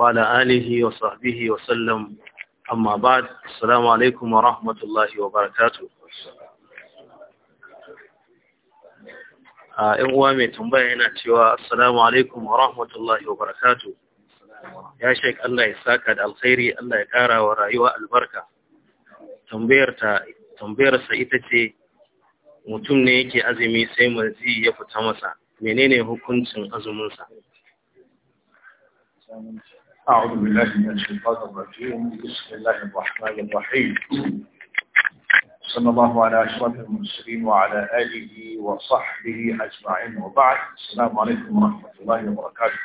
وعلى آله وصحبه وسلم أما بعد السلام عليكم ورحمة الله وبركاته ‘yan uwa mai tambaya yana cewa assalamu alaikum wa rahmatullahi wa barakatu ya shek Allah ya saka da alkhairi Allah ya kara wa rayuwa albarka tambayarsa ita ce mutum ne yake azumi sai marzi ya fita masa menene hukuncin azuminsa أعوذ بالله من الشيطان الرجيم بسم الله الرحمن الرحيم صلى الله على أشرف المرسلين وعلى آله وصحبه أجمعين وبعد السلام عليكم ورحمة الله وبركاته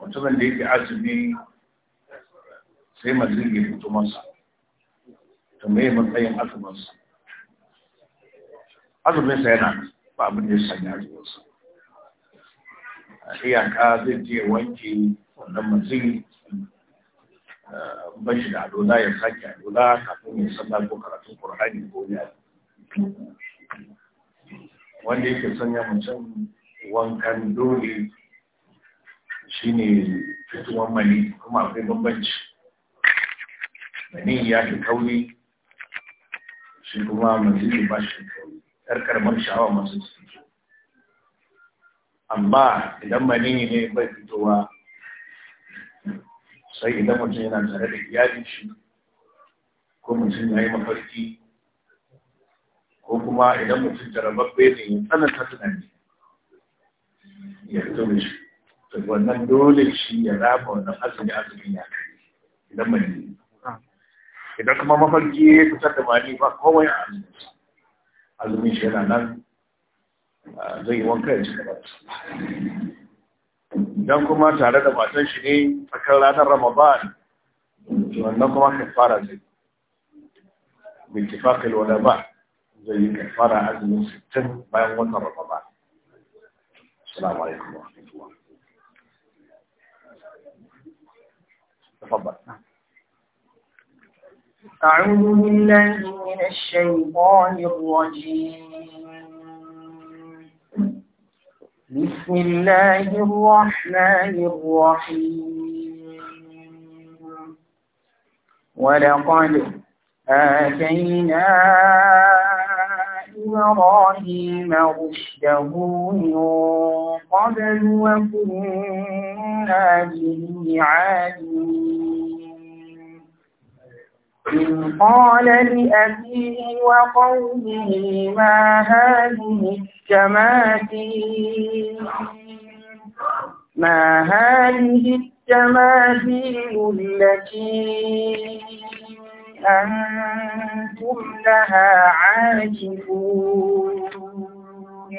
mutumin da yake azumi sai mazin ya fito masa to me matsayin بعض azuminsa yana ba iyaka zai je wanke wannan mutum eh, bashi da Adola ya sake Adola kafin ya sallah ko karatun ƙorhani ko ya wanda yake sanya mutum wankan dole shine fituwan mani kuma akwai bambanci mani ya fi kauri shi kuma mazini ba shi kauri yar karamar sha'awa masu ciki amma idan maniyi ne bai fitowa sai idan mutum yana tare da iyalin shi ko mutum ya yi mafarki ko kuma idan mutum jarababbe ne ya tsananta tunani ya fito da shi to wannan dole shi ya raba wannan azumi azumin ya kai idan maniyi idan kuma mafarki ya fitar da mani ba kowai a azumin shi yana nan zai yi wanka ya ci idan kuma tare da matan shi ne tsakar ranar ramadan wannan kuma kafara zai bin tifakil wala ba zai yi kafara azumin sittin bayan watan ramadan salamu alaikum wa rahmatullah أعوذ بالله من الشيطان الرجيم بسم الله الرحمن الرحيم ولقد آتينا إبراهيم رشده من قبل وكنا به عالمين إذ قال لأبيه وقومه ما هذه التماثيل ما هذه التماثيل التي أنتم لها عاكفون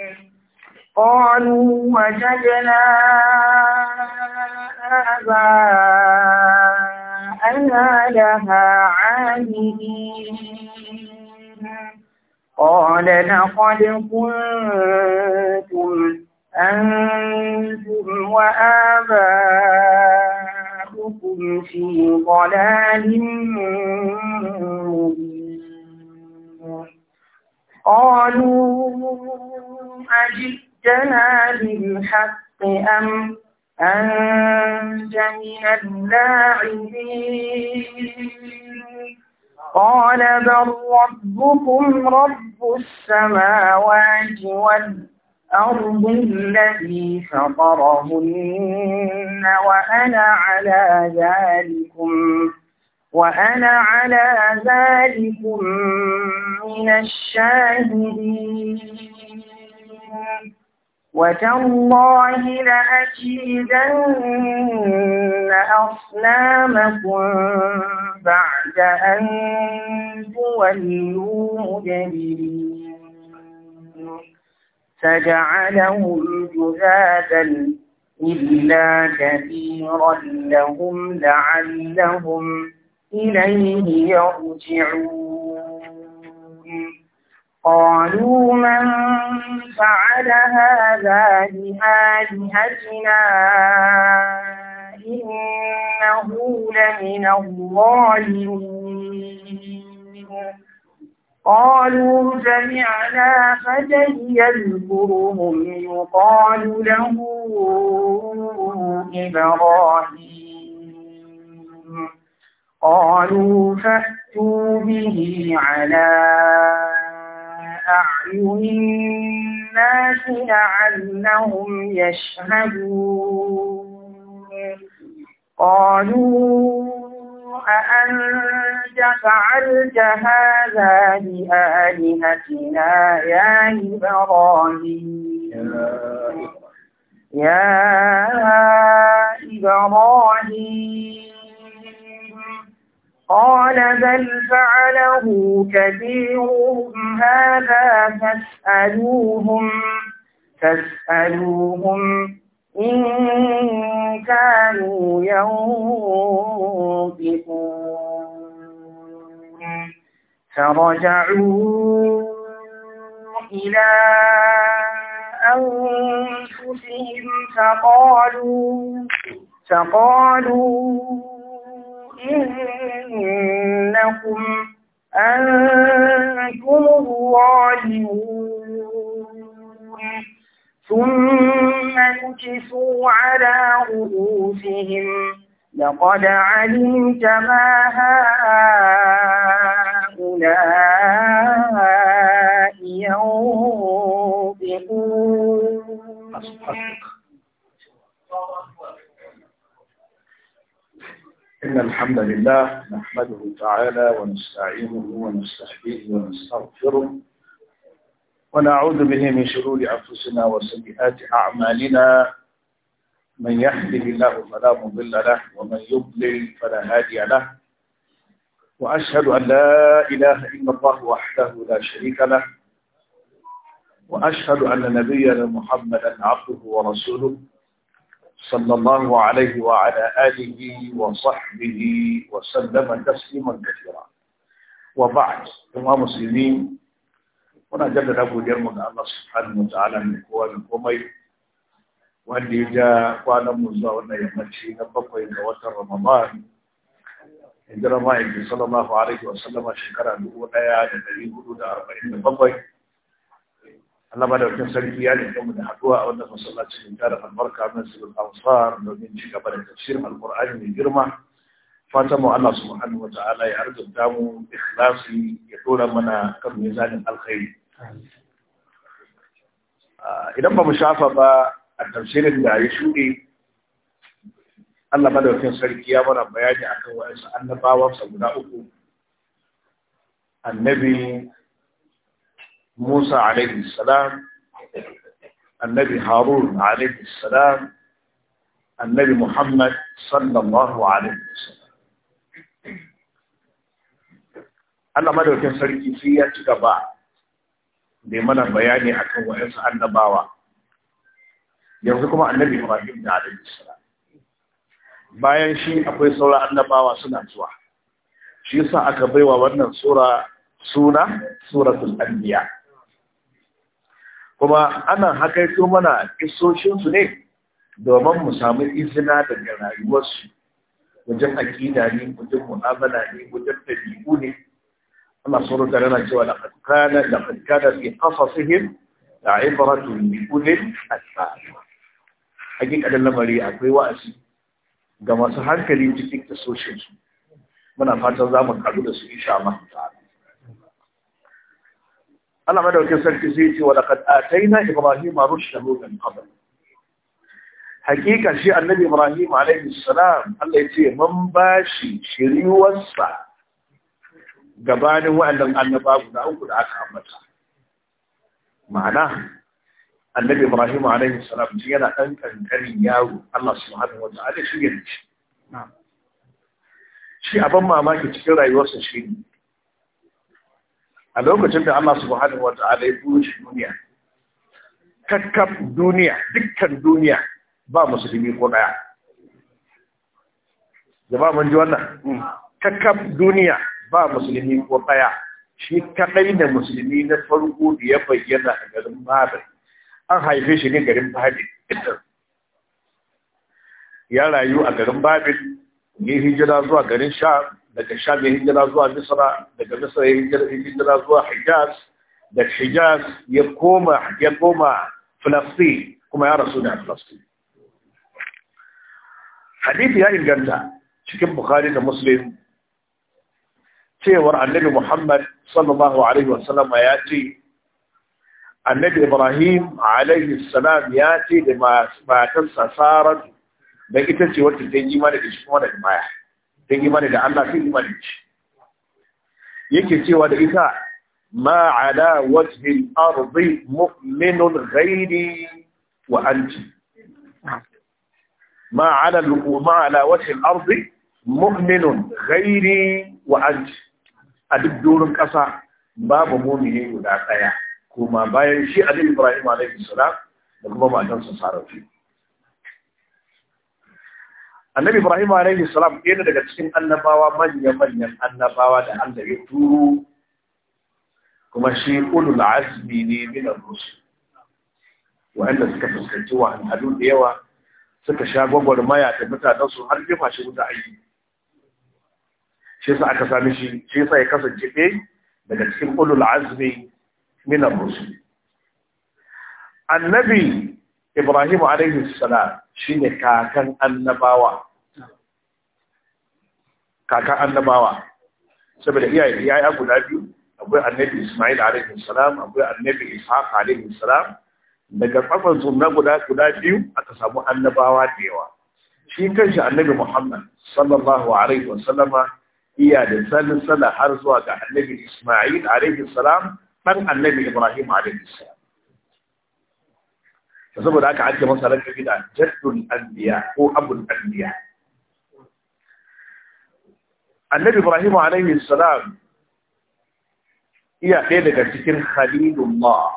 قالوا وجدنا آباءنا لها عابدين قال لقد كنتم أنتم وآباؤكم في ضلال مبين قالوا أجئتنا بالحق أم أنت من اللاعبين قال بل ربكم رب السماوات والأرض أرض الذي فطرهن وأنا على ذلكم وأنا على ذلكم من الشاهدين وتالله لأكيدن أصنامكم بعد أن تولوا مدبرين فجعلهم جذاذا إلا كثيرا لهم لعلهم إليه يرجعون قالوا من فعل هذا بآلهتنا إنه لمن الظالمين قالوا سمعنا فتى يذكرهم يقال له إبراهيم قالوا فأتوا به على أعين الناس لعلهم يشهدون قالوا أأنت فعلت هذا بآلهتنا يا إبراهيم يا إبراهيم قال بل فعله كبيرهم هذا فاسألوهم فاسألوهم إن كانوا ينطقون فرجعوا إلى أنفسهم فقالوا فقالوا إنكم أنتم الظالمون ثم كسوا على رؤوسهم لقد علمت ما هؤلاء ينطقون إن الحمد لله نحمده تعالى ونستعينه ونستهديه ونستغفره ونعوذ به من شرور أنفسنا وسيئات أعمالنا من يهده الله فلا مضل له ومن يضلل فلا هادي له وأشهد أن لا إله إلا الله وحده لا شريك له وأشهد أن نبينا محمدا عبده ورسوله صلى الله عليه وعلى آله وصحبه وسلم تسليما كثيرا وبعد أمام المسلمين muna jaddada godiyar mu ga Allah subhanahu ta'ala mai kowa da komai wanda ya ja kwanan mu zuwa wannan yammaci na bakwai ga watan Ramadan ya ma'aiki sallallahu alaihi wa sallama shekara dubu ɗaya da ɗari hudu da arba'in da bakwai Allah madaukin sarki ya nufi mu da haɗuwa a wannan masallaci da da albarka min sirrin ansar domin ci gaba da al alqur'ani mai girma fata mu Allah subhanahu wa ta'ala ya arzuta mu ikhlasi ya dora mana kan mizanin alkhairi idan ba mu shafa ba a tafsirin da ya shuɗe Allah madaukin sarki ya mana bayani akan wa'ansu annabawansa guda uku annabi Musa alaihi salam annabi Harun alaihi salam annabi Muhammad sallallahu alaihi wasallam Allah madaukin sarki sai ya ci gaba da mana bayani akan wa'ansu annabawa yanzu kuma annabi Ibrahim da alaihi salam bayan shi akwai sauran annabawa suna zuwa shi yasa aka baiwa wannan sura suna suratul anbiya kuma ana hakaito mana isoshinsu ne domin mu samu izina daga rayuwarsu wajen aƙida ne wajen mu'amala ne wajen ɗabi'u ne أما صورت لنا سوى لقد كان لقد كان في قصصهم عبرة لكل الأسباب أجيك أن لما لي أكوي وأسي جمع سحان كريم تفك تسوشن من أفات الزامة قدود سوى إن شاء الله تعالى أنا مدى وكسر كزيتي ولقد آتينا إبراهيم رشده من قبل حقيقة شيء النبي إبراهيم عليه السلام الذي من باشي شريوسا gabanin wa'annan annaba guda uku da aka ambata ma'ana annabi ibrahim alaihi salam shi yana dan kankarin yaro Allah subhanahu wa ta'ala shi ne shi shi abin mamaki cikin rayuwarsa shi ne a lokacin da Allah subhanahu wa ta'ala ya buru duniya kakkaf duniya dukkan duniya ba musulmi ko daya jama'a mun ji wannan mm. kakkaf duniya ba musulmi ko ɗaya shi kaɗai da musulmi na farko da ya bayyana a garin babin. an haife shi ne garin Babil ya rayu a garin Babil ya hijira zuwa garin sha daga sha ya hijira zuwa Misra daga Misra ya hijira zuwa Hijaz da Hijaz ya koma ya koma kuma ya rasu da Filastin hadisi ya inganta cikin Bukhari da Muslim تيور النبي محمد صلى الله عليه وسلم ياتي النبي ابراهيم عليه السلام ياتي لما ما تنسى سارا بكتنسي وقت تنجي ما نجي شو ما نجي تنجي ما نجي الله في ما نجي يكي ما على وجه الارض مؤمن غيري وانت ما على ما على وجه الارض مؤمن غيري وانت a duk doron ƙasa babu ne guda ɗaya kuma bayan shi Ali Ibrahim alaihi salam da kuma matansa Saratu Annabi Ibrahim alaihi salam yana daga cikin annabawa manya-manyan annabawa da Allah ya turo kuma shi ulul azmi ne min ar-rusul wa'anda suka fuskanci wahalhalu da yawa suka sha gwagwarmaya da mutanensu har jefa shi wuta aiki shi yasa aka sami shi shi yasa ya kasance ɗaya daga cikin ulul azmi min ar-rusul annabi ibrahim alayhi salam shine kakan annabawa kakan annabawa saboda iyaye iyaye guda biyu akwai annabi isma'il alayhi salam akwai annabi ishaq alayhi salam daga tsafan sunna guda guda biyu aka samu annabawa da yawa shi kanshi annabi muhammad sallallahu alaihi wasallama iya da salsala har zuwa ga annabi Isma'il alaihi salam dan annabi Ibrahim alaihi salam saboda haka ake masa lakabi da jaddul anbiya ko abul anbiya annabi Ibrahim alaihi salam iya ɗaya daga cikin khalilullah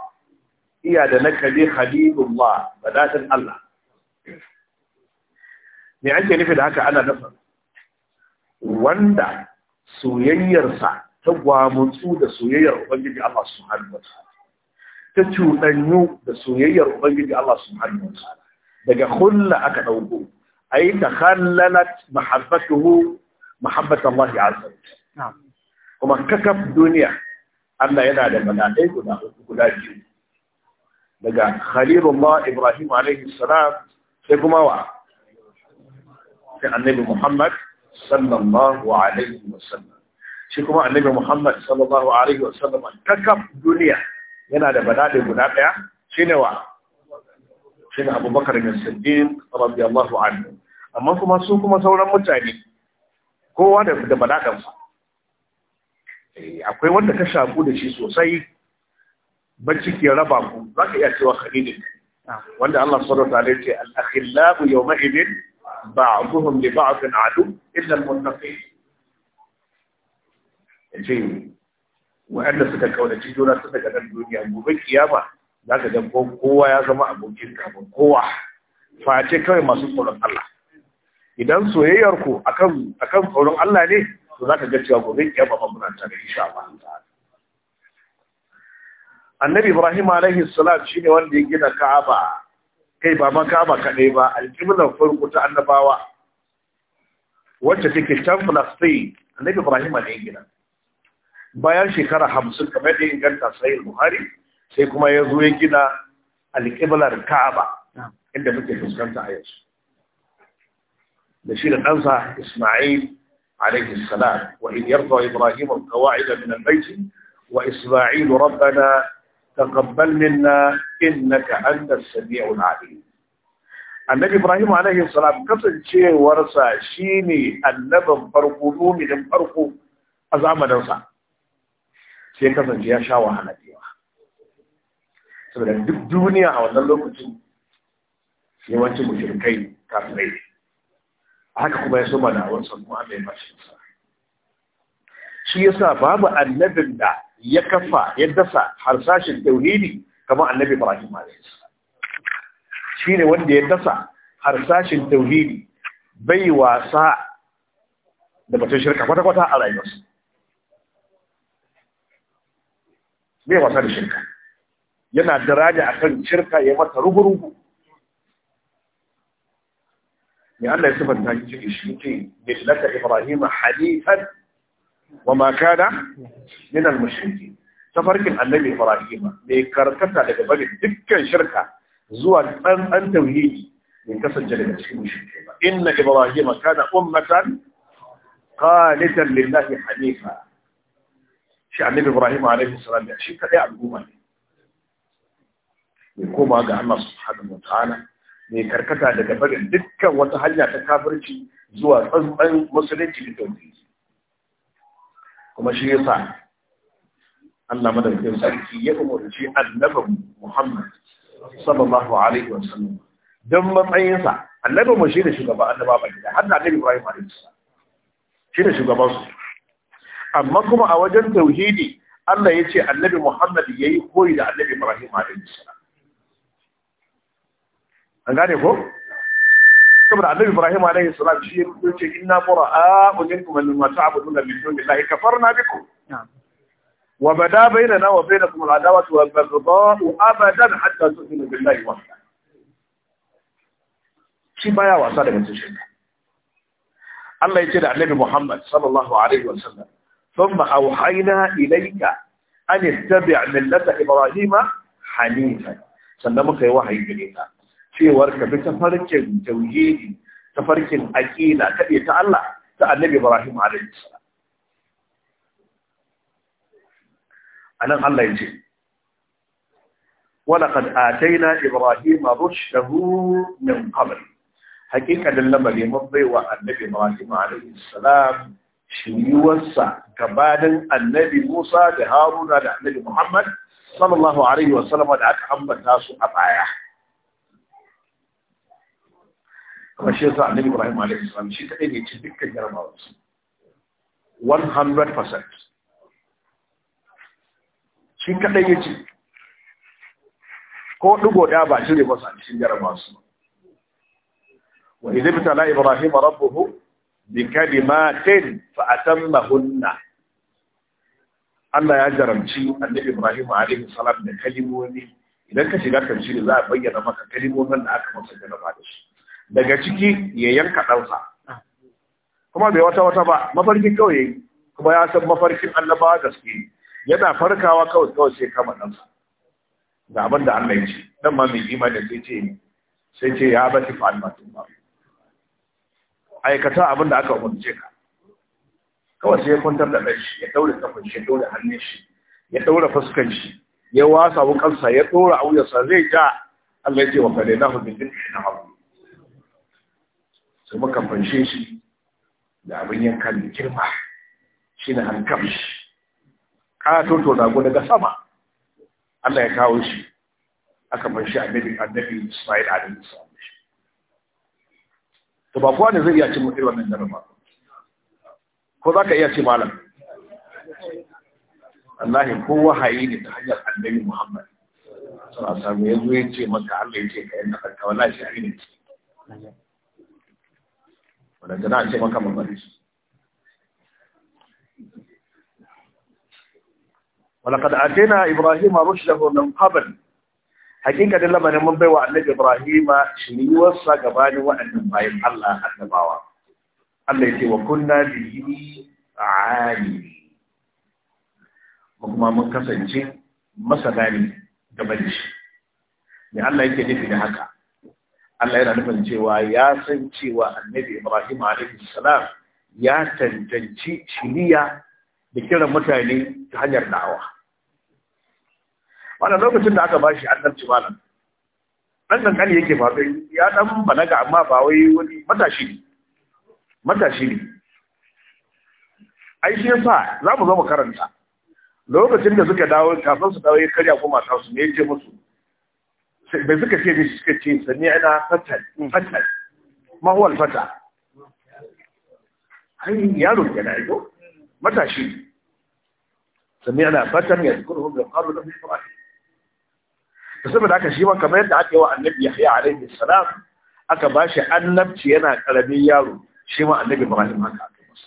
iya da lakabi khalilullah badatan Allah me ake nufi da haka ana nufin wanda soyayyarsa ta gwamutsu da soyayyar ubangiji Allah subhanahu wa ta'ala ta cuɗanyu da soyayyar ubangiji Allah subhanahu wa ta'ala daga hulla aka ɗauko, a yi ay takhallalat mahabbatuhu mahabbat Allah azza wa kuma kakaf duniya Allah yana da malakai guda guda biyu daga khalilullah Ibrahim alaihi salam sai kuma wa sai annabi Muhammad sallallahu alaihi wasallam shi kuma annabi Muhammad sallallahu alaihi wasallam kakaf duniya yana da badade guda daya shine wa shine Abubakar bin Siddiq radiyallahu anhu amma kuma su kuma sauran mutane kowa da da badadan sa eh, akwai wanda ka shaku da shi sosai bacci ke raba ku zaka iya cewa khalidin ah. wanda Allah subhanahu wa ta'ala ya ce al-akhillahu yawma idin بعضهم لبعض عدو إلا المتقين ce waɗanda ستكون kaunaci juna suka ga nan duniya gobe kiyama za ka ga kowa ya zama قوة kafin kowa face kawai masu tsoron idan soyayyarku akan akan tsoron Allah ne to za ka ga cewa gobe kiyama ba muna tare insha Allah ta'ala Annabi Ibrahim alaihi salam shine wanda ya gina Ka'aba kai ba makama kaɗai ba alƙiblar farko ta annabawa wacce take can filastai annabi ibrahim ne gina bayan shekara hamsin kamar yadda inganta sahih buhari sai kuma ya zo ya gina alƙiblar ka'aba inda muke fuskanta a yanzu da shi da ɗansa isma'il alaihi salam wa in yarda ibrahim alqawaida min albayt wa isma'il rabbana taqabbal minna innaka antas sami'ul alim annabi ibrahim alaihi kasancewarsa shine annabin farko muminin farko azamaninsa. zamaninsa sai kasance ya sha wahala duk duniya a wannan lokacin yawancin mushrikai kafirai haka kuma ya soma da awar kuma mai mashinsa shi yasa babu annabin da ya kafa ya dasa harsashin tauhidi kamar annabi Ibrahim alayhi shine wanda ya dasa harsashin tauhidi bai wasa da batun shirka kwata-kwata a rayuwarsa bai wasa da shirka yana daraja akan shirka ya mata rubu-rubu ya Allah ya sifanta shi cikin shi ke da Ibrahim halifan wa ma kana min al-mushrikin tafarkin annabi Ibrahim mai karkata daga bari dukkan shirka zuwa dan dan tauhidi mai kasance daga cikin mushrike ba inna Ibrahim kana ummatan qanitan lillahi hanifa shi annabi Ibrahim alaihi salam ya shi kadai al'umma ne mai koma ga Allah subhanahu wa ta'ala mai karkata daga barin dukkan wata hanya ta kafirci zuwa tsantsan musulunci da tauhidi kuma shi yasa Allah madaukakin sarki ya umarci annabi Muhammad sallallahu alaihi wa sallam dan matsayinsa annabi mu shi da shugaba annaba ba gida har da annabi Ibrahim alaihi salam shi da shugaban su amma kuma a wajen tauhidi Allah ya ce annabi Muhammad yayi koyi da annabi Ibrahim alaihi salam an gane ko كما النبي إبراهيم عليه الصلاة والسلام قلت إنا براء منكم أن تعبدون من دون الله كفرنا بكم نعم. وبدا بيننا وبينكم العداوة والبغضاء أبدا حتى تؤمنوا بالله وحده ما يا وصلى من تشهد الله يجد على النبي محمد صلى الله عليه وسلم ثم أوحينا إليك أن اتبع ملة إبراهيم حنيفا سلمك وحي بالإنسان cewar ka bi tafarkin tauhidi tafarkin aqida kade ta Allah ta Annabi Ibrahim alaihi salam anan Allah yace walaqad atayna ibrahima rushdahu min qabl hakika dan lamari mun baiwa Annabi Ibrahim alaihi salam shiyuwarsa gabanin Annabi Musa da Haruna da Annabi Muhammad sallallahu alaihi wasallam da aka ambata su a baya kuma shi yasa annabi ibrahim alaihi salam shi kadai ne ci dukkan jarabawa 100% shi kadai ya ci ko digo da ba shi ne ba sa cikin jarabawansu. su wa idza bitala ibrahim rabbuhu bi kalimatin fa atammahunna Allah ya jaramci annabi Ibrahim alaihi salam da kalimomi idan ka shiga kan shi za a bayyana maka kalimomin da aka masa jaraba da shi daga ciki ya yanka ɗansa kuma bai wata wata ba mafarkin kawai kuma ya san mafarkin da gaske yana farkawa kawai kawai sai kama ɗansa da abin da Allah ya ce dan ma mai imani sai ce sai ce ya bati fa'almatun ba aikata abin da aka umarce ka kawai sai ya kwantar da ɗan shi ya daure kafin shi ya daure hannun shi ya daure fuskan shi ya wasa wukansa ya dora auyarsa zai ja Allah ya ce wa kare na hudu duk shi na hudu su muka fanshe shi da abin yanka mai girma shi ne Kana katon na gudu daga sama Allah ya kawo shi aka fanshe annabi annabi Ismail alaihi salam to ba kowa ne zai iya cin irin wannan daren ba ko za ka iya ce malam Allah ko wahayi ne ta hanyar annabi Muhammad sana samu wasallam ya zo ya ce maka Allah ya ce ka yanka kanka wallahi shi ne wadanda na a ce maka mabari su walakad atena ibrahima rushda min qabl hakika dalla mana mun baiwa annabi ibrahima shiniwarsa gabanin waɗannan bayan allah annabawa allah yake wa kunna bihi alimi kuma mun kasance masa gani gaban shi me allah yake nufi da haka Allah yana nufin cewa ya san cewa annabi Ibrahim alaihi salam ya tantanci shiriya da kiran mutane ta hanyar da'awa wannan lokacin da aka bashi annabci malam dan kankani yake faɗo ya dan balaga amma ba wai wani matashi ne matashi ne ai shi yasa za mu zo mu karanta lokacin da suka dawo kafin su dawo ya karya kuma ta su ne yake musu da suka ce da shi suka ce sami ana fatal mm. fatal mahuwal fata hanyar yaro ya na yau matashi sami ana fatan ya zukuru hun da ƙaru da mutuwa da saboda aka shi ma kamar yadda ake yi wa annabi ya haya alaihi salam aka ba shi annabci yana ƙaramin yaro shi ma annabi ibrahim haka aka masa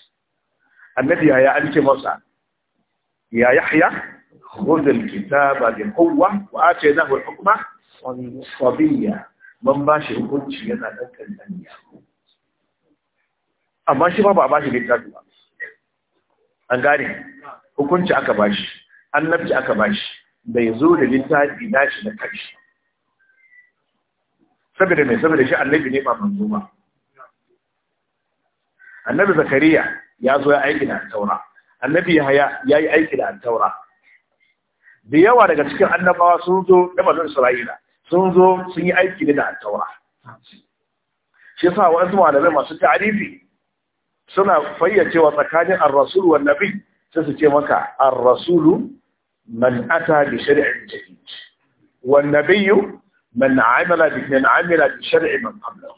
annabi ya ya an ce masa ya yahya خذ الكتاب بقوة وآتيناه الحكمة sabiya ban ba shi hukunci yana ɗan ƙanɗan amma shi ba ba a ba shi littafi ba an gane hukunci aka ba shi annabci aka ba shi bai zo da littafi na shi da kanshi saboda mai saboda shi annabi ne ba manzo ba annabi zakariya ya zo ya aiki da taura annabi yahaya ya yi aiki da taura da yawa daga cikin annabawa sun zo da manzon isra'ila sun zo sun yi aiki ne da al-taura shi yasa wasu malamai masu ta'arifi suna fayyacewa tsakanin ar-rasul wa nabi sai su ce maka ar-rasulu man ata bi shari'in jadid wa nabiyyu man amila bi man amila bi shar'i man qablahu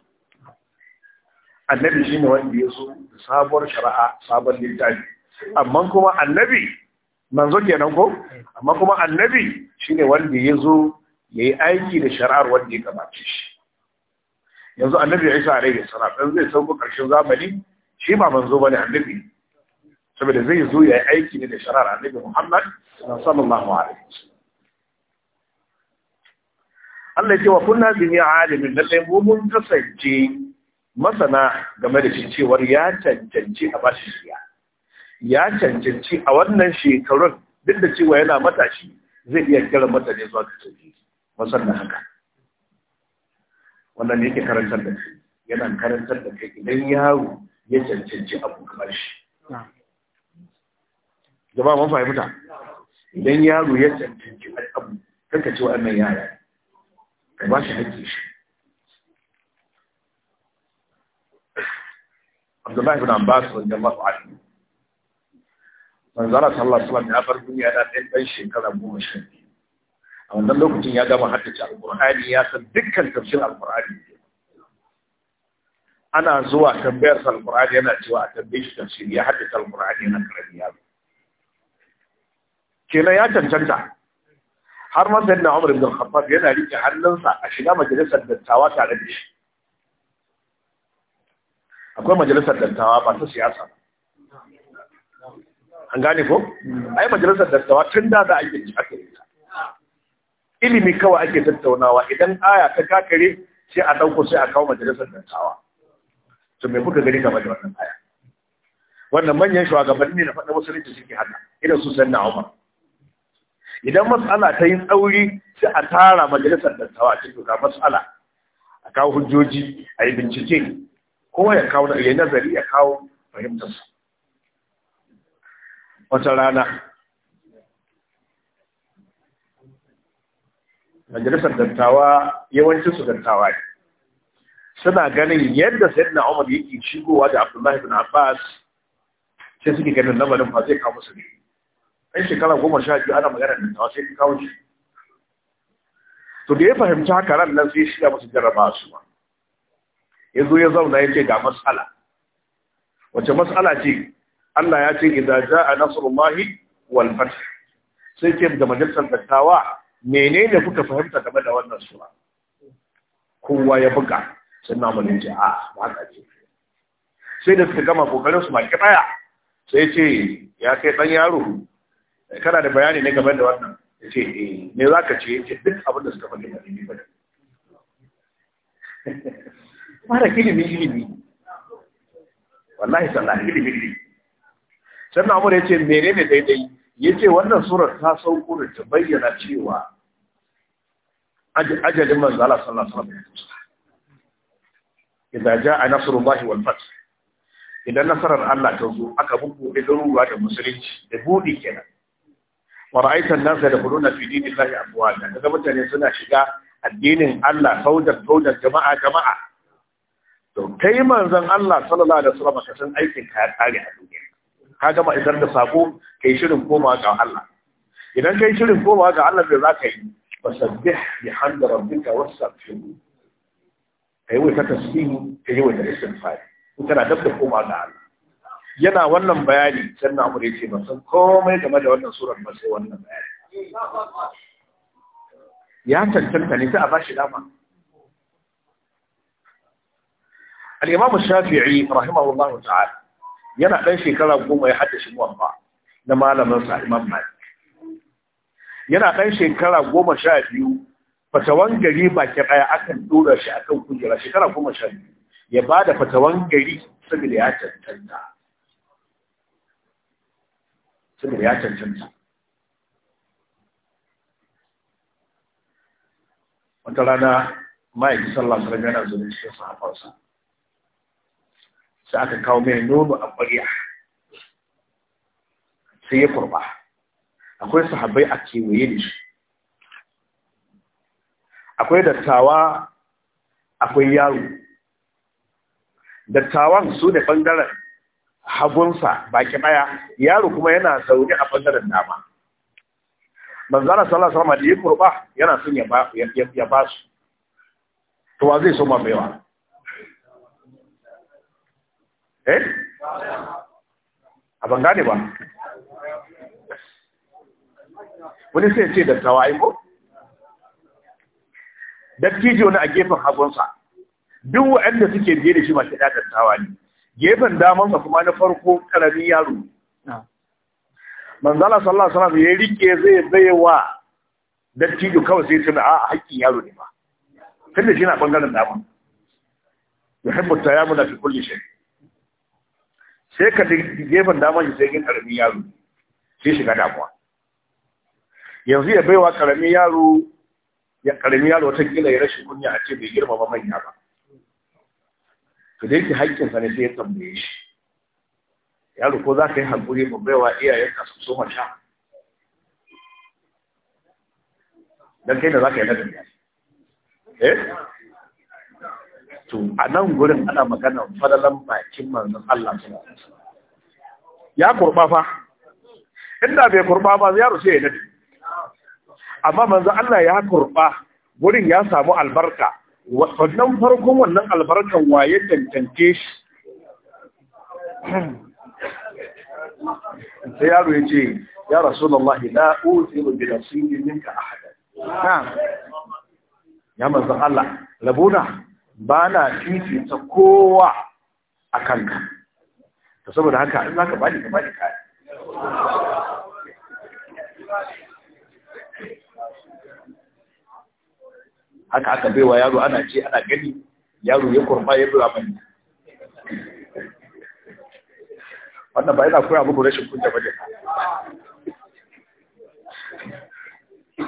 annabi shine wanda ya zo da sabuwar shari'a sabon littafi amma kuma annabi manzo kenan ko amma kuma annabi shine wanda ya zo ya yi aiki da shari'ar wanda ya gabace shi yanzu annabi isa alaihi salam dan zai sauko karshen zamani shi ba manzo bane annabi saboda zai zo ya yi aiki ne da shari'ar annabi Muhammad sallallahu alaihi wasallam Allah ya ce wa kunna bi alimin na mu mun kasance masana game da shi cewar ya cancanci a bashi shiya ya cancanci a wannan shekarun duk da cewa yana matashi zai iya kira mata ne zuwa ga wasan da haka wannan yake karantar da kai yana karantar da kai idan yaro ya cancanci abu kamar shi jama'a mun fahimta idan yaro ya cancanci abu kanka ce wa'annan yara ka ba shi hakki shi Abdullahi ibn Abbas radiyallahu anhu manzara sallallahu alaihi wasallam ya bar duniya da ɗan shekara goma sha biyu a wannan lokacin ya gama haddace alkur'ani ya san dukkan tafsir alkur'ani ana zuwa tambayar alkur'ani yana cewa a tambaye shi tafsiri ya haddace alkur'ani yana karami yaro kenan ya cancanta har ma sayyidina Umar ibn Khattab yana rike hannunsa a shiga majalisar dattawa tare da shi akwai majalisar dattawa ba ta siyasa an gane ko ai majalisar dattawa tun da za a yi bincike ake yi ta ilimi kawai ake tattaunawa idan aya ta kakare sai a ɗauko sai a kawo majalisar dattawa to me kuka gani game da wannan aya wannan manyan shugabanni ne na faɗin musulunci suke haka idan su sanna umar idan mas'ala ta yi tsauri sai a tara majalisar dattawa a cikin ga mas'ala a kawo hujjoji a yi bincike kowa ya kawo nazari ya kawo fahimtarsa wata rana majalisar dattawa yawancin su dattawa ne suna ganin yadda sayyidina Umar yake shigowa da Abdullahi bin Abbas sai suke ganin lamarin ba zai kawo su ne ɗan shekara goma sha biyu ana magana da dattawa sai kawo shi to da ya fahimci haka ran nan sai shiga musu jarraba su ba ya zo ya zauna ya ce ga matsala wace matsala ce Allah ya ce idza jaa nasrullahi wal fath sai ke da majalisar dattawa menene kuka fahimta game da wannan sura kowa ya buga sun na mu ce ah, ba ka ce sai da suka gama kokarin su maki daya sai ce ya kai dan yaro kana da bayani ne game da wannan ce eh me ka ce ce duk abin da suka faɗi ba ne ba fara ilimi ilimi wallahi sallahi ilimi ilimi sannan mu ne ce menene daidai yace wannan surar ta sauko da ta bayyana cewa ajalin manzo Allah sallallahu alaihi wasallam idan ja nasrullahi wal fath idan nasarar Allah ta zo aka bugu da garuruwa da musulunci da budi kenan wa ra'aita an-nasa yadkhuluna fi dinillahi afwaja kaga mutane suna shiga addinin Allah saudar saudar jama'a jama'a to kai manzon Allah sallallahu alaihi wasallam ka san aikin ka tsare a duniya ka gama isar da sako kai shirin komawa ga Allah idan kai shirin komawa ga Allah bai ka yi fasabbih bihamdi rabbika wastaghfirhu kai wai ta tasbihi kai wai ta istighfar kana dab da komawa ga Allah yana wannan bayani sannan Amr ya ce ba san komai game da wannan surar ba sai wannan bayani ya cancanta ne sai a bashi dama الإمام الشافعي رحمه الله تعالى yana ɗan shekara goma ya mu muwaffa na malamin imam malik yana ɗan shekara goma sha biyu fatawan gari baki ɗaya akan ɗora shi akan kujera shekara goma sha biyu ya ba da fatawan gari saboda ya cancanta saboda ya cancanta wata rana ma'aikatan lasarar yana zuwa cikin sahafarsa sai aka kawo mai nono a ƙwariya sai ya kurba akwai sahabbai a kewaye da shi akwai dattawa akwai yaro dattawan su ne ɓangaren hagunsa baki ɗaya yaro kuma yana zaune a ɓangaren dama manzana sallah Salama da ya kurba yana son ya ba su to wa zai so ma baiwa eh a ban gane ba wani sai ce da tawaye ko dattijo ne a gefen hagunsa duk wa'anda suke biye da shi masu ɗaya dattawa ne gefen damansa kuma na farko ƙaramin yaro manzala sallallahu alaihi wasallam ya rike zai zai wa dattijo kawai sai tuna a haƙƙin yaro ne ba tunda shi na bangaren dama yuhibbu tayammuna fi kulli shi. sai ka gefen damar shi sai gin karamin yaro sai shiga damuwa yanzu ya baiwa karamin yaro ya karamin yaro wata gina ya rashin kunya a ce bai girmama manya ba Ka da yake haƙƙinsa ne sai ya tambaye shi yaro ko za ka yi haƙuri mu baiwa iyayen ka su so sha dan kai da za ka yi nadin yaro eh? to a nan gurin ana magana fadalan bakin manzon Allah ya kurba fa inda bai kurba ba yaro sai ya nadi amma manzon Allah ya kurba gurin ya samu albarka wannan farkon wannan albarkan waye tantance shi sai yaro ya ce ya rasulullahi la uziru bi nasibi minka ahada ya manzon Allah labuna ba na fifita kowa a kanka ta saboda haka an za ka bani ka bani ka haka aka baiwa yaro ana ce ana gani yaro ya kurma ya bura mani wannan ba yana koya muku rashin kunta ba.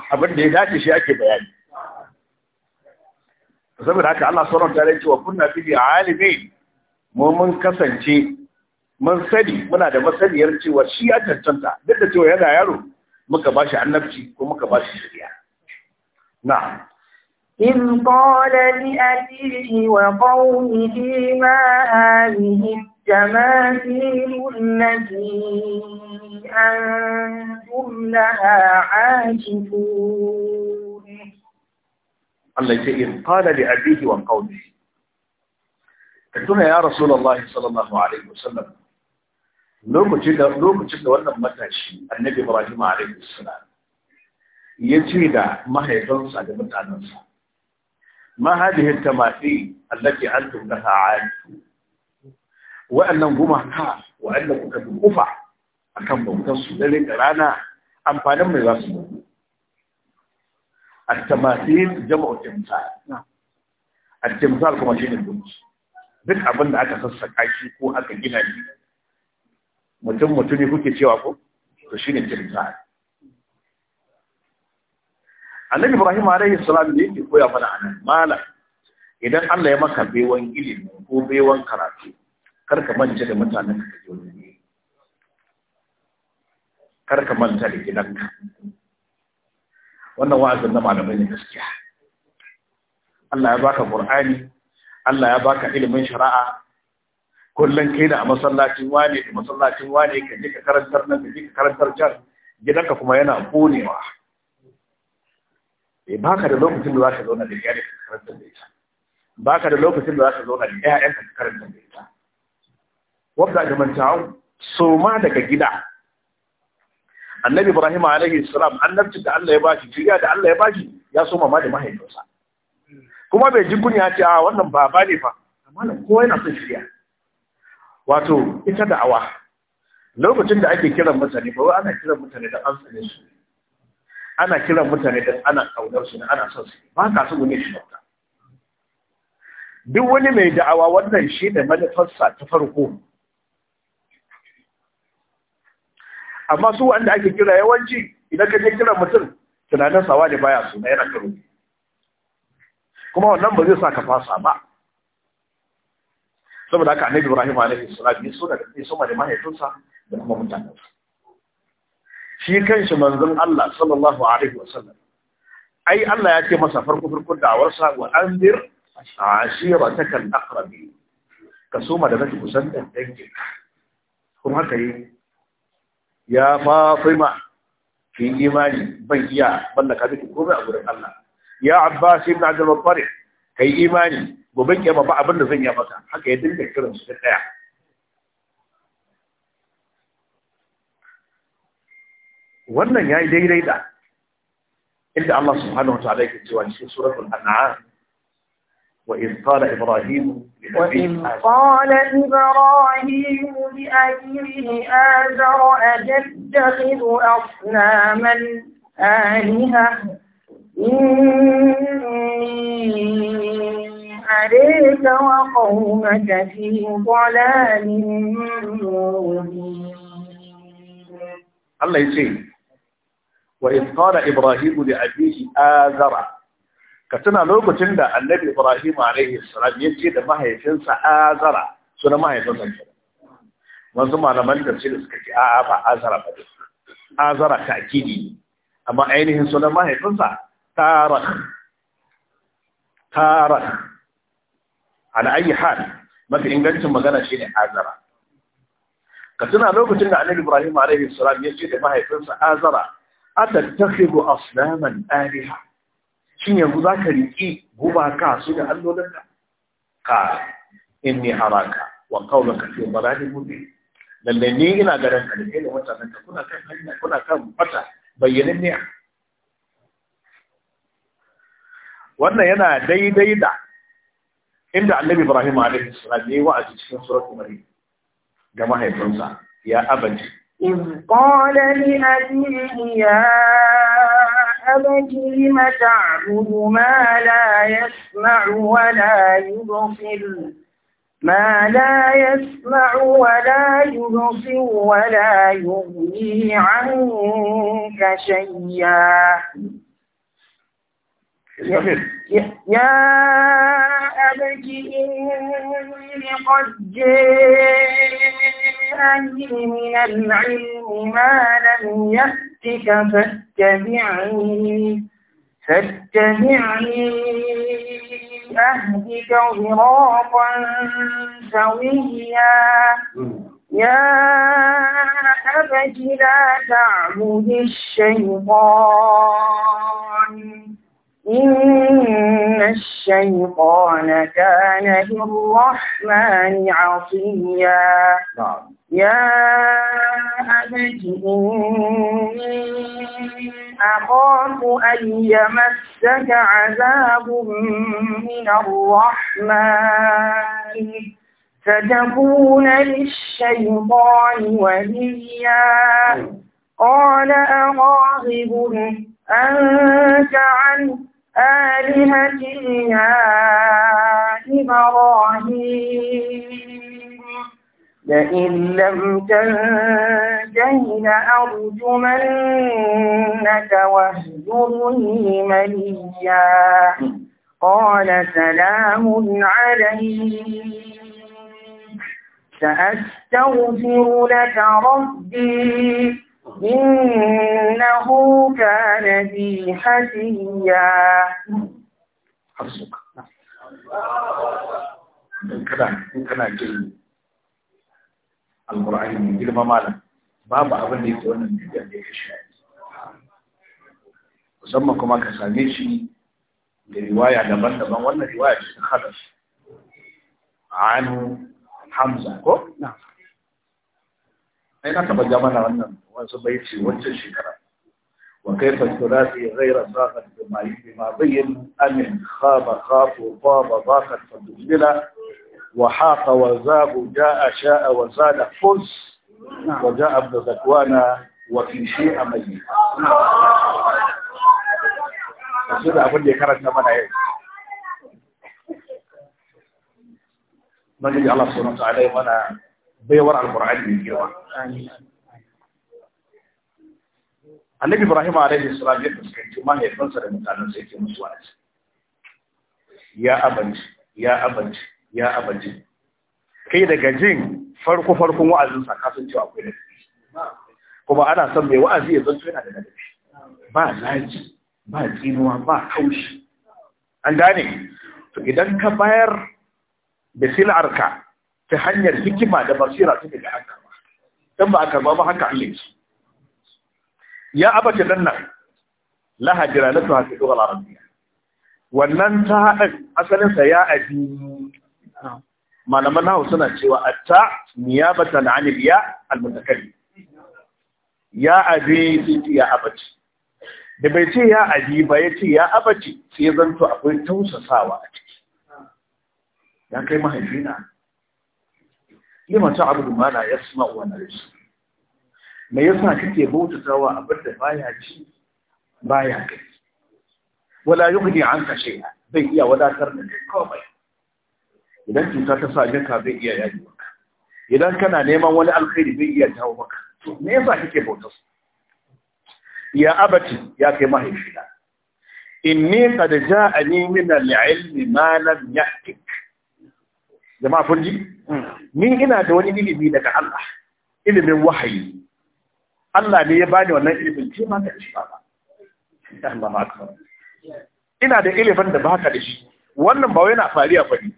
abin da ya dace shi ake bayani saboda haka Allah sauran ta ce wa kunna fihi alimin mu mun kasance mun sani muna da masaniyar cewa shi ya cancanta duk da cewa yana yaro muka bashi annabci ko muka bashi shari'a in إذ قال لأبيه وقومه ما هذه التماثيل التي أنتم لها عاكفون Allah ce in qala li abihi wa qawmihi tuna ya rasulullah sallallahu alaihi wasallam lokacin da lokacin da wannan matashi annabi ibrahim alaihi salam ya ce da mahaifinsa da mutanensa ma hadihi tamathi allati antum laha aadu wa'annan gumaka wa'anda kuka dukufa akan bautan su dare da rana amfanin mai za su التماثيل جمع التمثال التمثال كما شيء الدمج duk abin da aka sassaka shi ko aka gina shi mutum mutumi kuke cewa ko to shine timsal Annabi Ibrahim Alayhi salam da yake koya mana anan mala idan Allah ya maka baiwan ilimi ko baiwan karatu kar ka manta da mutanen da kake kar ka manta da gidanka wannan wa'azin na malamai ne gaskiya Allah ya baka Qur'ani Allah ya baka ilimin shari'a kullun kai da a masallacin wane da masallacin wane ka je ka karantar nan ka karantar can gidanka kuma yana konewa eh baka da lokacin da zaka ka zauna da iyali ka karantar da ita baka da lokacin da za ka zauna da ƴaƴanka ka karantar da ita wanda da mantawa so ma daga gida annabi ibrahim alaihi salam annabci da Allah ya bashi jiya da Allah ya bashi ya so mama da mahaifinsa kuma bai ji kunya ce a ah, wannan baba ne fa amma kowa yana son shirya wato ita da awa lokacin da ake kiran mutane ba ana kiran mutane da an tsane su ana kiran mutane da ana kaunar su ana son su ba ka su gune shi duk wani mai da'awa wannan shi ne manufarsa ta farko amma su wanda ake kira yawanci idan ka je kira mutum tunanin sawa ne baya suna yana karo kuma wannan ba zai sa ka fasa ba saboda haka annabi ibrahim alaihi salatu ya so daga sama da mahaifinsa da kuma mutanensa shi kanshi manzon Allah sallallahu alaihi wasallam ai Allah ya ce masa farko farkon da'awarsa wa anzir ashiratakal aqrabin ka suma da kake kusantar dangin kuma haka yi ya fatima fi imani ban iya mallaka miki komai a gurin Allah ya abbas ibn abdul muttalib kai imani gobe ke ba abin da zan yi maka haka ya dinga kiran su daya wannan yayi daidai da inda Allah subhanahu wa ta'ala yake cewa cikin suratul an'am وإذ قال إبراهيم وإذ قال إبراهيم لأبيه آذر أتتخذ أصناما آلهة إني أريك وقومك في ضلال مبين الله يسير وإذ قال إبراهيم لأبيه آذر ka tuna lokacin da annabi ibrahim alaihi salam ya ce da mahaifinsa azara suna mahaifinsa ke wasu malaman su suka ce a'a ba azara ba azara ta akidi amma ainihin sunan mahaifinsa tarak tarak ala ayi hal mafi ingancin magana shine azara ka tuna lokacin da annabi ibrahim alaihi salam ya ce da mahaifinsa azara atattakhidhu aslaman alaha shin yanzu za ka riƙi guba ka su da allolinka ka inni haraka wa ka qaulaka fi ne mutu lalle ni ina garin ka da mutanen ka kuna kan hanya kuna kan fata bayyanin ne wannan yana daidai da inda annabi Ibrahim alaihi salam yayi wa'azi cikin suratul maryam ga mahaifinsa ya abaji in qala li abihi ya مذهبه تعبد ما لا يسمع ولا يبصر ما لا يسمع ولا يبصر ولا يغني عنك شيئا يا أبت إني قد جاءني من العلم ما لم يأت ربك فاتبعني فاتبعني أهدك غراطا سويا يا أبت لا تعبد الشيطان إن الشيطان كان للرحمن عصيا نعم يا أبت إني أخاف أن يمسك عذاب من الرحمن فتكون للشيطان وليا قال أراغب أنت عن آلهتي يا إبراهيم لئن لم تنجينا أرجمنك واهجرني مليا قال سلام عليك سأستغفر لك ربي إنه كان بي حسيا حرصك نعم جيد alkur'ani mai girma malam babu abin da yake wannan bidiyar da ya kashe musamman kuma ka same shi da riwaya daban-daban wannan riwaya ce ta A anu hamza ko na ai taɓa taba ja mana wannan wasu bai ce wancan shekara wa kaifa thulathi ghayra saqat bima ma bayyin amin khaba khafu dhaba dhaqat fadbila وحاق وزاب جاء شاء وزاد فرس وجاء ابن ذكوان وفي شيء ميت sun abin da ya karanta mana yau Bangiji Allah su nata alai mana baiwar alkur'ani mai girma. Annabi Ibrahim alaihi salam ya fuskanci mahaifinsa da mutanen sai ke musu wa'azi. Ya abanci, ya abanci, ya abaji kai daga jin farko farkon wa'azinsa ka cewa akwai ladabi kuma ana son mai wa'azi ya zanto yana da ladabi ba laji ba tsinuwa ba kaushi. an gane to idan ka bayar da sil'arka ta hanyar hikima da basira take da haka dan ba a karba ba haka Allah ya ya abace dan nan laha jiranatu hafi dogala rabbiya wannan ta haɗa asalin sa ya abi malaman hausa suna cewa atta niyabatan anil ya almutakari ya abi ya abaci da bai ce ya abi ba ya ce ya abaci sai zanto akwai tausasawa a ciki ya kai mahaifina lima ta abu ma na yasma wa na rasu me yasa bauta tawa abin da baya ci baya gani wala an kashe shay'a bai iya wadatar da kai kawai. idan cuta ta sa ka zai iya yaji maka idan kana neman wani alkhairi zai iya jawo maka to me yasa kake bautar ya abati ya kai mahaifina inni qad ja'ani min al-ilmi ma lam ya'tik jama'a kun ji ni ina da wani ilimi daga Allah ilimin wahayi Allah ne ya bani wannan ilimin ce ma ka ci ba Allah akbar ina da ilimin da baka da shi wannan ba wai na fariya fadi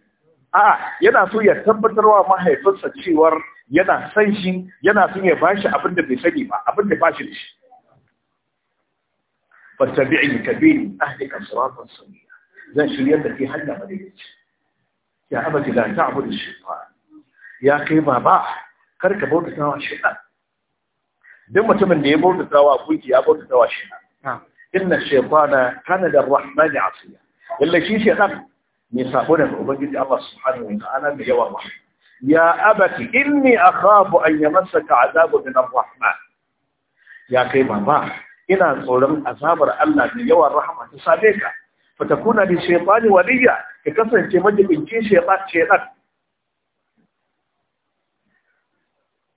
a'a yana so ya tabbatar wa mahaifinsa cewar yana san shi yana son ya bashi abin da bai sani ba abin da shi da shi fattabi'ni kabiri kan siratan sunniya zan shiryar da ke hanya madaidaici ya abu da shi ba, ya kai baba kar ka bauta ta wa shaytan duk mutumin da ya ta wa gunki ya bautata wa shaytan inna shaytana kana lirrahmani asiya Lallashi shi shaytan mai sako daga ubangiji Allah hannu wa ta'ala mai yawan ba. ya abati inni akhafu an ka azabu min ar-rahman ya kai baba ina tsoron azabar Allah mai yawan rahama ta same ka fatakuna li shaytani waliya ka kasance majibincin shaytan shaytan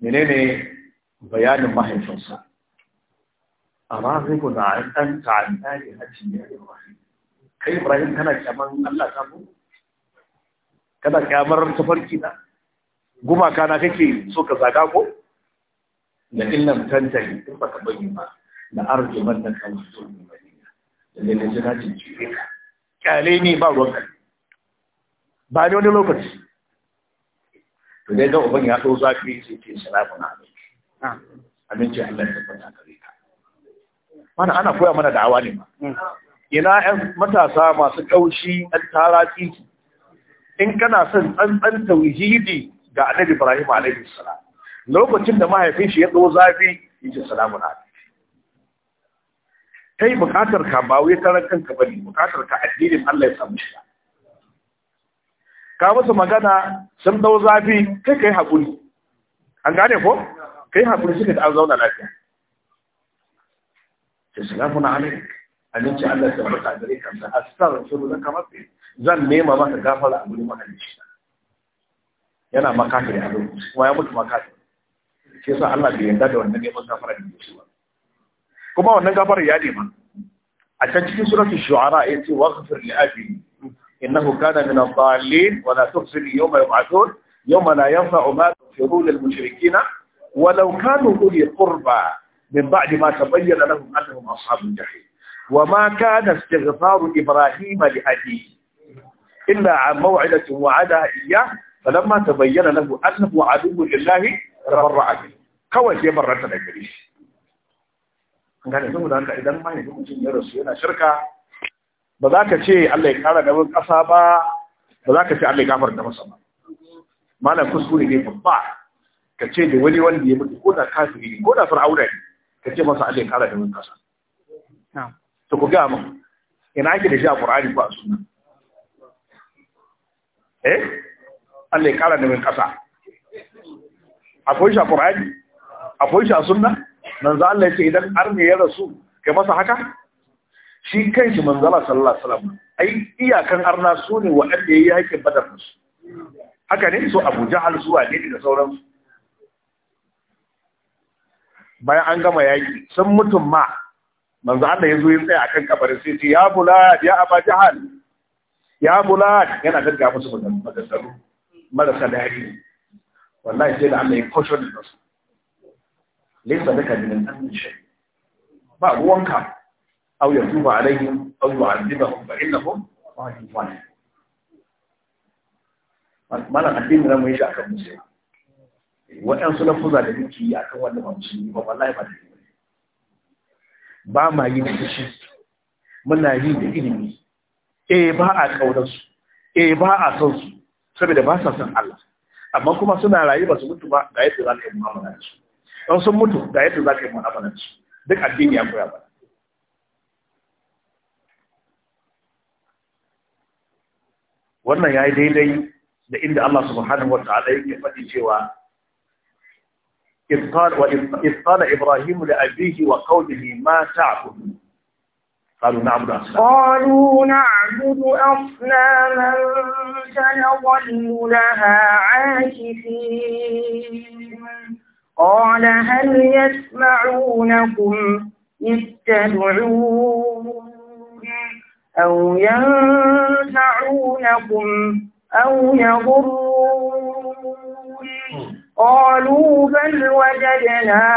menene bayanin mahaifinsa amma zai kuna an ɗan ta'adda ne a cikin yare kai ibrahim kana kyaman allah ta mu kana kyamar tafarki na gumaka na kake so ka zaga ko da illan tantali in ka bari ba da arzu ban da kan su da ne ji na cin cire ka kyale ne ba ruwan kai ba ne wani lokaci to dai ga uban ya so zafi sai ce na abinci. aminci Allah ya tabbata gare ka mana ana koya mana da'awa ne ma mm. ina ‘yan matasa masu ƙaushi ɗan tara titi in kana son tsantsan tauhidi ga annabi ibrahim alaihi salam lokacin da mahaifin shi ya ɗo zafi ya ce salamu na kai bukatar ka ba wai karan kanka ba ne, bukatar ka addinin Allah ya samu shi ka musu magana sun ɗau zafi kai kai haƙuri an gane ko kai haƙuri suka ta an zauna lafiya ce salamu na alaikum abinci Allah ta baka gare ka sa astaghfiru kamar rabbi zan nema maka gafara a gurin mahalicci yana makafiri a lokaci kuma ya mutu makafiri shi yasa Allah bai yarda da wannan neman gafara da yake ba kuma wannan gafara ya nema a can cikin suratu shu'ara yace waghfir li abi innahu kana min ad-dallin wa la tuhzini yawma yub'athun yawma la yanfa'u ma tughfiru lil mushrikeena ولو كانوا أولي قربى من بعد ما تبين لهم أنهم أصحاب الجحيم wa ma kana istighfaru ibrahima li abi illa a maw'idatin wa'ada iyya falamma tabayyana lahu annahu aduwwu lillahi tabarra'a kawai sai barata da gare shi gane saboda idan mahaifin mutum ya rasu yana shirka ba za ka ce Allah ya kara gaban ƙasa ba ba za ka ce Allah ya gafar da masa ba malam kuskure ne babba ka ce da wani wanda ya mutu ko da kafiri ko da fir'auna ne ka ce masa Allah ya kara gaban ƙasa to ku ga mun ina ake da shi a Qur'ani ko a sunna eh Allah ya kara da min kasa akwai shi a Qur'ani akwai shi a sunna za Allah ce idan arne ya rasu kai masa haka shi kanshi manzo Allah sallallahu alaihi wasallam ai iyakan arna su ne waɗanda yayi haƙin badar su haka ne so Abu Jahal zuwa ne da sauransu bayan an gama yaƙi sun mutum ma manzo Allah yazo ya tsaya akan kabarin sai ya ce ya bulad ya aba jahal ya bulad yana daga musu maganganu marasa daɗi wallahi sai da Allah ya kosho da su laysa laka min Ba amri shay ba ruwanka aw yatuba alaihim aw yu'adhibahum fa innahum zalimun malam addini na mu yi shi akan musulmi waɗansu lafuza da duki akan wanda ba musulmi ba wallahi ba ba ma yi da shi, muna yi da ilimi eh ba a su, eh ba a son su saboda ba sa son Allah amma kuma suna rayu ba su mutu ba ga yadda za ka yi mu'amala da su don sun mutu ga yadda za ka yi mu'amala da su duk addini ya koya ba wannan ya yi daidai da inda Allah subhanahu wa ta'ala yake faɗi cewa إذ قال وإذ قال إبراهيم لأبيه وقوله ما تعبد قالوا نعبد أصناما قالوا نعبد أصناما سنظل لها عاكفين قال هل يسمعونكم إذ تدعون أو ينفعونكم أو يضرون قالوا بل وجدنا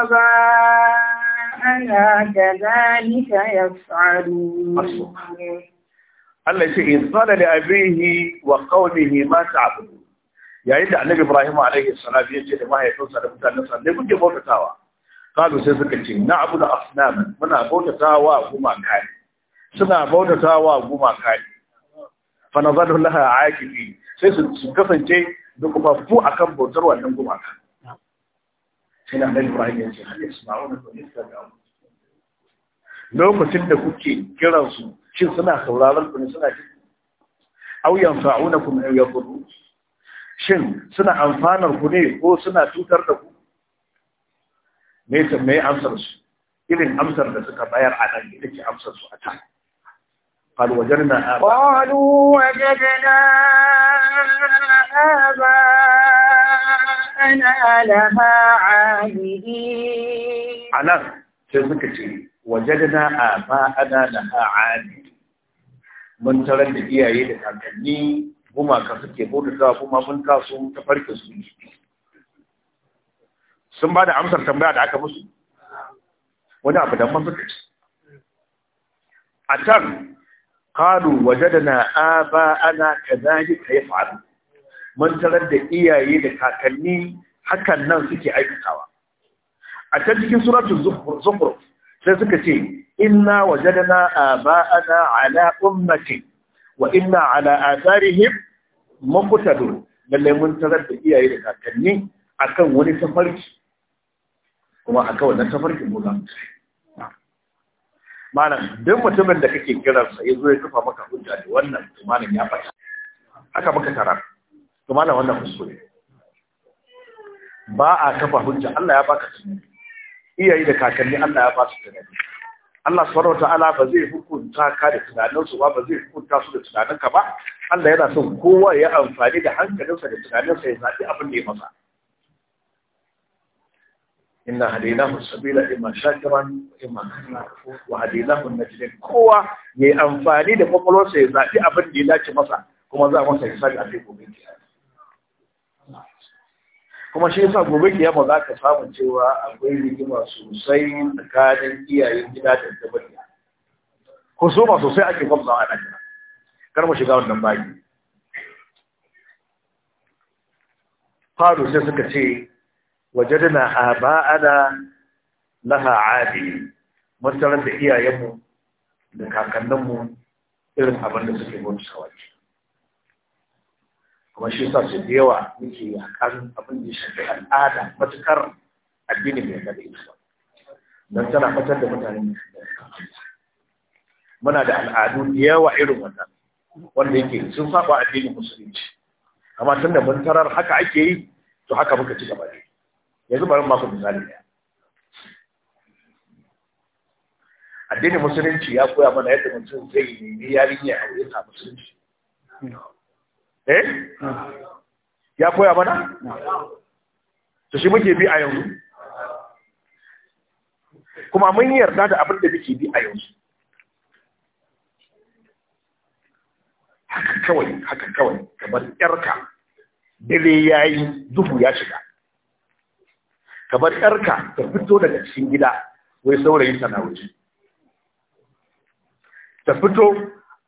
آباءنا كذلك يفعلون Allah ce in tsada da abihi wa kaunihi ma ta abu yayin da annabi Ibrahim alaihi salatu ya ce da mahaifinsa da mutanen sa ne kuke bautatawa kalu sai suka ce na abu da asnam muna bautatawa guma kai suna bautatawa guma kai fa nazaru laha aqibi sai su kasance duk ba ku akan bautar wannan gumaka sai na dan Ibrahim ya ce hal yasma'una wa yastami'una lokacin da kuke kiran su shin suna sauraron ku ne suna ji aw yanfa'unakum ya yadurru shin suna amfanar ku ne ko suna cutar da ku me ta me amsar su irin amsar da suka bayar a nan ita ce amsar su a can. قالوا وجدنا آباء قالوا آباءنا لها عابدين أنا سيزكتي وجدنا آباءنا لها عابدين mun tarar da iyaye da kakanni gumaka suke bautata kuma mun kasu ta farke su sun ba da amsar tambaya da aka musu wani abu da mafi a can kalu waje da na aba ana ka zaji ka yi faru mun tarar da iyaye da kakanni hakan nan suke aikatawa a can cikin suratul zukhruf sai suka ce inna wajadna aba'ana ala ummati wa inna ala atharihim muqtadun lalle mun tarar da iyaye da kakanni akan wani tafarki kuma akan wannan tafarkin mu malam duk mutumin da kake kiransa yazo ya kafa maka hujja da wannan malam ya fata haka maka tarar to malam wannan kuskure ba a kafa hujja Allah ya baka tunani iyayi da kakanni Allah ya ba su tunani Allah subhanahu ta'ala ba zai hukunta ka da tunaninsu ba ba zai hukunta su da tunaninka ba Allah yana son kowa ya amfani da hankalinsa da tunaninsa ya zaɓi abin da ya masa inna hadaynahu sabila imma shakiran imma kafur wa hadaynahu najid kowa yayi amfani da kwakwalwarsa ya zaɓi abin da ya dace masa kuma za a masa hisabi a cikin gobe kiyama kuma shi yasa gobe kiyama za ka samu cewa akwai rigima sosai tsakanin iyaye gida da dabariya ko so ma sosai ake gwamza a nan kar mu shiga wannan baki faru sai suka ce wajadna aba'ana laha abi mun tarar da iyayenmu da kakanninmu irin abin da suke gwamsa waje kuma shi sa su da yawa muke yakan abin da shi al'ada matukar addini mai gada ita don tana fitar da mutane muna da al'adu da yawa irin wannan wanda yake sun saba addinin musulunci amma tun da mun tarar haka ake yi to haka muka ci gaba da yanzu bari ba misali ɗaya addinin musulunci ya koya mana yadda mutum zai yi yarinya a wurin musulunci eh ya koya mana to shi muke bi a yanzu kuma mun yarda da abin da muke bi a yanzu haka kawai haka kawai kamar yarka dare ya yi duhu ya shiga kamar yarka ta fito daga cikin gida wai saurayin sana'o'i. wuce ta fito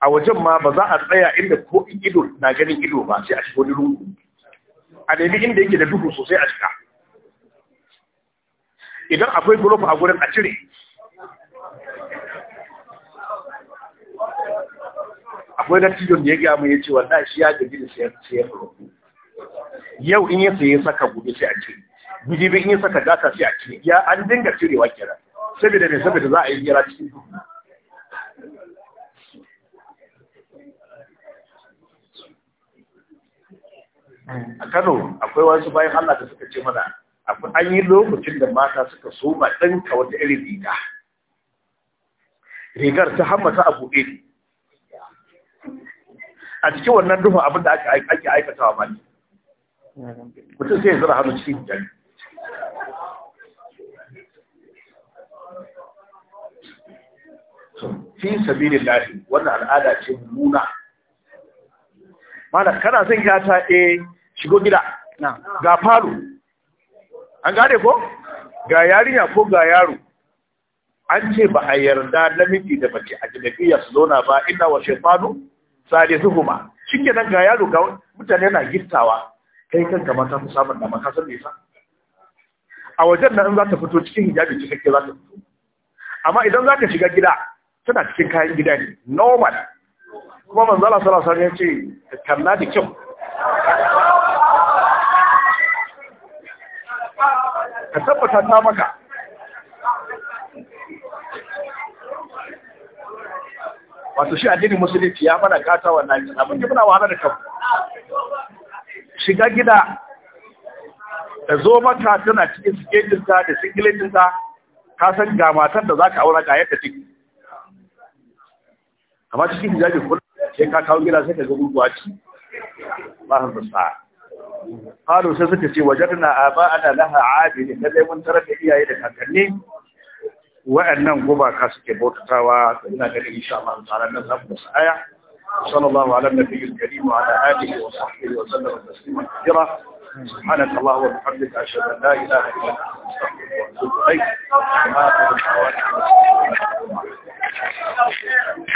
a wajen ma ba za a tsaya inda ko in ido na ganin ido ba sai a shi wani lungu a nemi inda yake da duhu sosai a shiga idan akwai gulof a gurin a cire akwai tijon da ya gaya ya ce wallahi shi ya gaji da sayar sayar rufu yau in ya sayi saka gobe sai a cire gudu in ya saka gata sai a cire ya an dinga cirewa kenan saboda mai saboda za a yi jira cikin duhu a Kano akwai wasu bayan Allah da suka ce mana an yi lokacin da mata suka soma ɗinka wata irin riga rigar ta hammata a buɗe a cikin wannan duhu abin da ake aikatawa ba ne mutum sai zara hannu cikin jari fi sabirin lafi wannan al'ada ce nuna mana kana son ta e eh, shigo gida ga falo an gane ko ga yarinya ko ga yaro an ce ba a yarda namiji da mace a jinabiya su zauna ba ina wa shefanu sade su kuma shi ke nan ga yaro ga mutane na gittawa kai kanka mata fi samun da maka san sa a wajen nan za ta fito cikin hijabi cikakke za ta fito amma idan za ka shiga gida tana cikin kayan gida ne normal kuma manzala sarasar ya ce kalla da kyau ka tabbata ta maka wato shi addinin musulunci ya mana kata wannan mun ji muna wahala da kanku shiga gida da zo mata tana cikin siketinta da singiletinta ka san ga matan da za ka aura ga yadda take amma cikin hijabi kula. sai ka kawo gida sai ka ga gurguwa ci ba su sa Falo sai suka ce wajarna aba ana laha abidi da dai mun tarar da iyaye da kakanni wa'annan guba ka suke bautatawa da ina ganin insha Allah ta'ala nan zamu da aya sallallahu ala nabiyil karim wa ala alihi wa sahbihi wa sallam taslima kathira سبحانك اللهم وبحمدك اشهد ان لا اله الا انت استغفرك واتوب اليك